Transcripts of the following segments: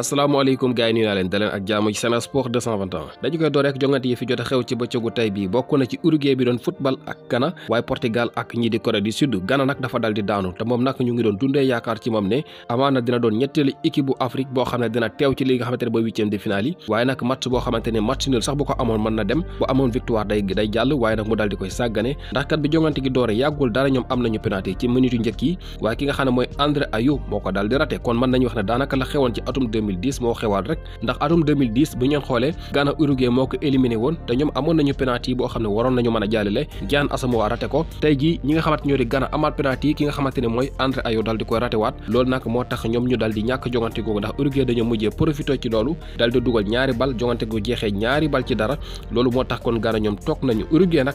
asalaamaaleykum gars yi nuyu naa leen daleen ak jaamu ci Sen Sport dañu koy door rek jongante yi fi jot a xew ci bëccëgu tey bii bokk na ci Uruguay bi doon football ak Ghana waaye Portugal ak ñii di Corée du Sud Ghana nag dafa dal di daanu te moom nag ñu ngi doon dundee yaakaar ci moom ne amaana dina doon ñetteelu équipe bu Afrique boo xam ne dina teew ci li nga xamante ne ba huitième de finale yi waaye nag match boo xamante ne match nul sax bu ko amoon 2010 moo xewaat rek ndax atum bu ngeen xoolee Ghana Uruguay moo ko éliminé woon te ñoom amoon nañu penalty boo xam ne waroon nañu mën a jàllale Gian Asamoah raté ko tey jii ñi nga xamante ñoo di Ghana amaat penalty ki nga xamante ne mooy André Ayew dal di koy ratewaat loolu nag moo tax ñoom ñu dal ñàkk jongante googu ndax Uruguay dañoo mujjee profité ci loolu dal dugal ñaari bal jongante gu jeexee ñaari bal ci dara loolu moo tax kon Ghana ñoom toog nañu Uruguay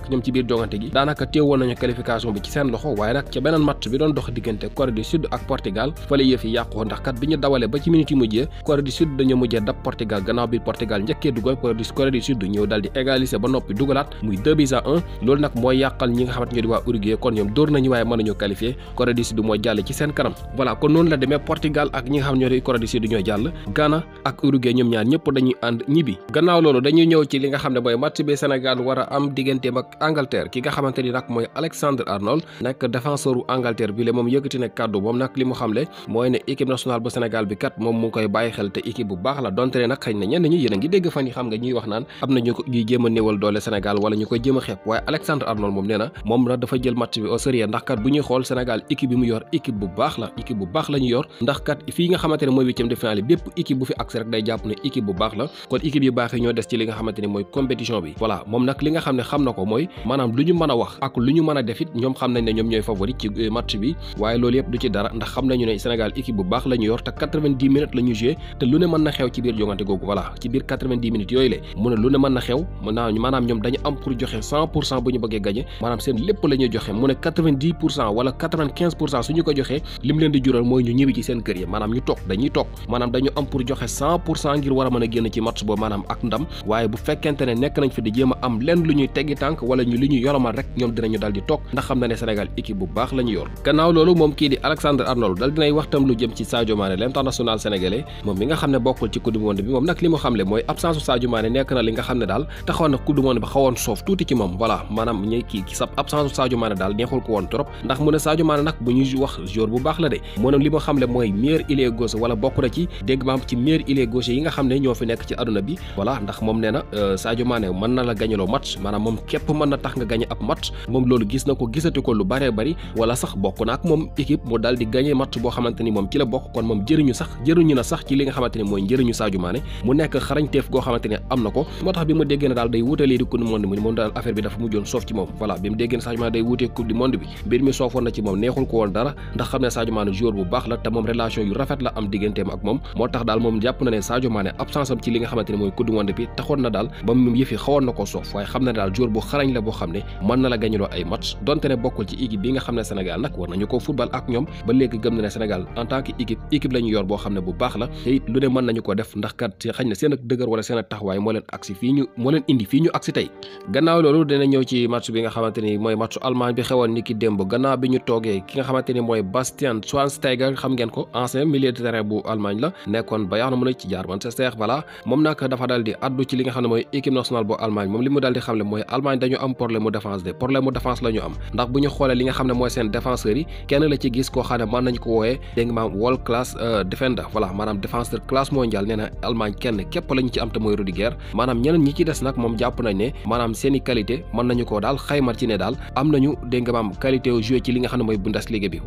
Corée du Sud dañu mujjé dab Portugal gannaaw bi Portugal njëkkee dugal Corée du Corée du Sud ñëw daal di égaliser ba nopi dugalaat muy 2 buts à 1 lool nak moy yaqal ñi nga xamant ñoo di wa Uruguay kon ñom door nañu waaye mëna ñu qualifier Corée du Sud mo jall ci seen kanam voilà kon non la démé Portugal ak ñi nga xam ñoo di Corée du Sud ñoo jall Ghana ak Uruguay ñom ñaar ñëpp dañuy and ñibi gannaaw loolu dañuy ñëw ci li nga xamne boy match bi Sénégal wara am digënté ak Angleterre ki nga xamanteni nak moy mooy Alexandre Arnold nekk défenseuru Angleterre bi le mom yëkëti nak cadeau moom nak li mu xamle mooy ne équipe nationale bu Sénégal bi kat mom mu koy bàyyi baax la donte ne nag xëy na ñenn ñi yéen ngi dégg fan yi xam nga ñuy wax naan am na ñu ko ñuy néewal doole Sénégal wala ñu koy jéem a waaye Alexandre Arnold moom nee na moom nag dafa jël match bi euh, waaye loolu yëpp du ci dara ndax xam nañu ne Sénégal équipe bu baax la yor te minutes jongante te lu ne mën na xew ci biir jongante googu voilà ci biir 90 yooyu le mu ne lu ne mën na xew mën naa maanaam ñoom dañu am pour joxe 100 pour cent bu ñu bëggee gagné maanaam seen lépp la ñuy joxe mu ne 90 pour cent ko joxee lim leen di jural mooy ñu ñëwi ci seen kër yi maanaam ñu toog dañuy toog maanaam dañu am pour joxe ngir war a mën a génn ci match boobu maanaam ak ndam waaye bu fekkente ne nekk nañ fi di jéem a am lenn lu ñuy teggi tànk wala li na ne ñu yor gannaaw loolu moom mi nga xam ne bokkul ci coupe du monde bi moom nag li mu xam le mooy absence su nekk na li nga xam ne daal taxaw na coupe du monde bi xawoon soof tuuti ci moom voilà maanaam ñi kii sa absence su Sadio Mané daal neexul ko woon trop ndax mu ne Sadio Mané nag bu mu wala bokk na ci dégg maam ci nga xam ne ñoo fi nekk ci aduna bi voilà ndax moom nee na euh, Sadio Mané mën na la gañaloo match maanaam moom képp mën na tax nga gañe ab match moom loolu gis na ko gisati ko lu bëree bari wala sax bokk na moom équipe mu daal di gañe match boo xamante ni moom ci la bokk kon moom jëriñu sax jëriñu na sax ci li nga xamanteni moy mooy Sadio Mané mu nek xarañteef goo xamante ne am ko motax bima bi mu déggee day wuutee li di coupe monde mu mon dal affaire bi dafa mu joon sof ci mom voilà bima mu déggee Sadio Mané day wuutee coupe du monde bi bir mi sofon na ci mom neexul ko won dara ndax xamné Sadio Mané joueur bu bax la te mom relation yu rafet la am digënté ak mom motax dal mom jàpp na ne Sadio Mané absence am ci li nga xamanteni moy coupe du monde bi taxon na dal ba mu yëfi xawon nako sof way waaye dal joueur bu xarañ la bo xamné man na la gagné lo ay match donte ne bokul ci équipe bi nga xamné Sénégal nak war nañu ko football ak ñom ba légui gëm na ne Sénégal en tant que équipe équipe lañu yor bo xamné bu bax la te it lu ne mën nañu ko def ndax kat xañ na seen ak dëgër wala seen ak taxawaay moo leen agsi fii moo leen indi fii ñu agsi tey gannaaw loolu dina ñëw ci match bi nga xamante ni mooy matchu Allemagne bi xewoon ni ki xam ngeen ko ancien milieu de terrain bu Allemagne la nekkoon Bayern Munich ci jaar Manchester voilà moom nag dafa daal di addu ci li nga xam ne mooy équipe nationale bu Allemagne moom li mu daal di xam ne mooy Allemagne dañu am problème mu défense défense de classe mondiale nee na kenn képp lañ ci am te mooy Rudiger maanaam ñeneen ñi ci des nag moom jàpp nañu koo daal xayma ci ne daal am nañu dégg ci li nga xam ne mooy Bundesliga bi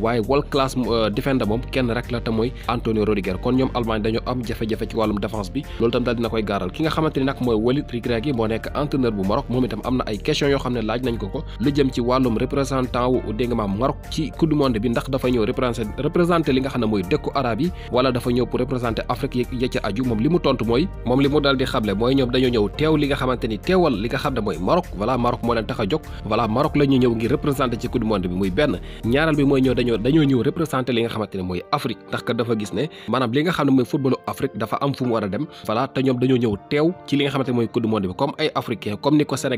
waaye world class euh, defender moom kenn rek la te mooy Antonio Rudiger kon ñoom Allemagne dañoo am jafe-jafe ci wàllum défense bi loolu tam daal dina koy gaaral ki nga xamante ni nag mooy Walid Regragui moo nekk entraîneur bu Maroc itam am na ay question yoo xam ne laaj nañ ko ko lu jëm ci wàllum représentant wu dégg nga ci coupe monde bi ndax dafa ñëw représenté li nga xam ne mooy dëkku arab yi wala dafa ñëw pour représenter Afrique ya ca aju moom li mu tontu mooy moom li mu daal di mooy ñoom dañoo ñëw teew li nga xamante ni muy Afrique ndax kat dafa gis ne maanaam li nga xam ne mooy footballu Afrique dafa am fu mu war a dem voilà te ñoom dañoo ñëw teew ci li nga xamante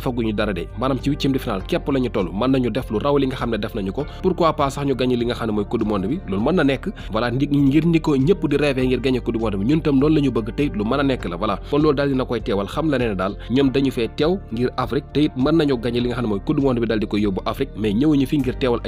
defaguñu dara de maanaam ci huitième de finale képp la ñu mën nañu def lu raw li nga xam ne def nañu ko pourquoi pas sax ñu gagné li nga xam ne mooy coupe mën na nekk voilà ngir ni ko ñëpp di rêvé ngir gagné coupe monde bi ñun tam loolu la bëgg teyit lu mën a nekk la voilà kon loolu daal dina koy teewal xam la ne ne daal ñoom dañu fee teew ngir Afrique teyit mën nañu gagné li nga xam ne mooy coupe monde bi daal di yóbbu Afrique mais ñëwuñu fi ngir teewal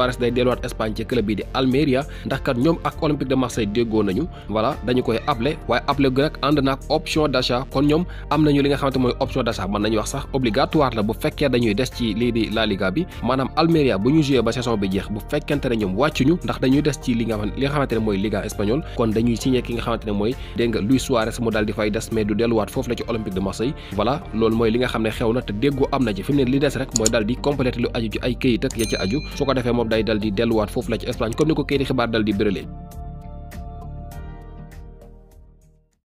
Suarez day delluwaat Espagne ci club bi di Almeria ndax ñoom ak Olympique de Marseille déggoo nañu voilà dañu koy appelé waaye appelé gu nag ànd naag option d'achat kon ñoom am nañu li nga xamante mooy option d'achat mën nañu wax sax obligatoire la bu fekkee dañuy des ci lii di La Liga bi maanaam Almeria bu ñu joué ba saison bi jeex bu fekkente ne ñoom wàccuñu ndax dañuy des ci li nga xamante ne mooy Liga espagnole kon dañuy signé ki nga xamante ne mooy day dal di delluwaat foofu la ci Espagne comme ni ko kayiti xibaar dal di bërëlee